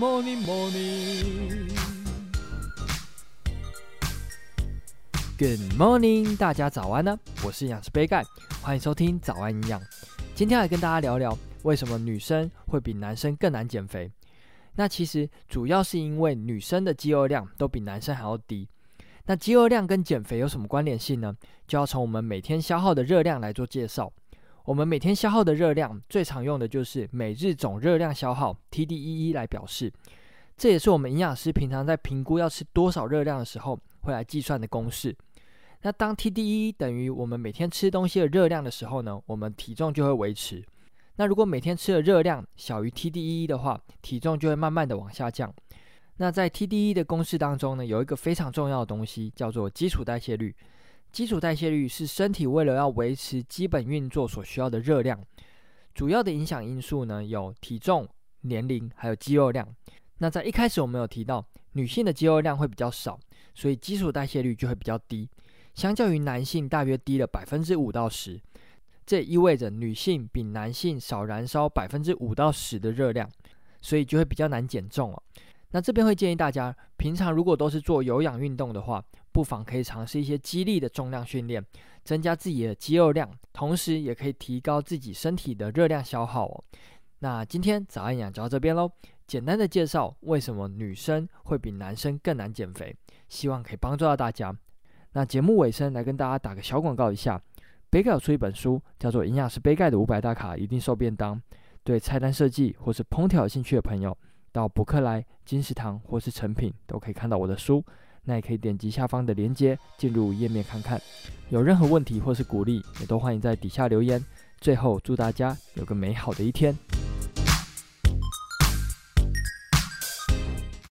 Morning, morning. Good morning, 大家早安呢，啊！我是營養師杯蓋，歡迎收聽早安營養。今天要來跟大家聊聊為什麼女生會比男生更難減肥。那其實主要是因為女生的肌肉量都比男生還要低。那肌肉量跟減肥有什麼關聯性呢？就要從我們每天消耗的熱量來做介紹。我們每天消耗的熱量最常用的就是每日總熱量消耗 （TDEE） 來表示，這也是我們營養師平常在評估要吃多少熱量的時候會來計算的公式。那當 TDEE 等於我們每天吃東西的熱量的時候呢，我們體重就會維持。那如果每天吃的熱量小於 TDEE 的話，體重就會慢慢的往下降。那在 TDEE 的公式當中呢，有一個非常重要的東西叫做基礎代謝率。基礎代謝率是身體為了要維持基本運作所需要的熱量，主要的影響因素呢有體重、年齡還有肌肉量。那在一開始我們有提到，女性的肌肉量會比較少，所以基礎代謝率就會比較低，相較於男性大約低了百分之五到十。這意味着女性比男性少燃燒百分之五到十的熱量，所以就會比較難減重了哦。那這邊會建議大家，平常如果都是做有氧運動的話，不妨可以嘗試一些肌力的重量訓練，增加自己的肌肉量，同時也可以提高自己身體的熱量消耗哦。那今天早安營養就到這邊嘍，簡單的介紹為什麼女生會比男生更難減肥，希望可以幫助到大家。那節目尾聲來跟大家打個小廣告一下，杯蓋有出一本書，叫做《營養師杯蓋的五百大卡一定瘦便當》，對菜單設計或是烹調有興趣的朋友，到博客來、金石堂或是誠品都可以看到我的書。那也可以點擊下方的鏈接進入頁面看看。有任何問題或是鼓勵，也都歡迎在底下留言。最後祝大家有個美好的一天。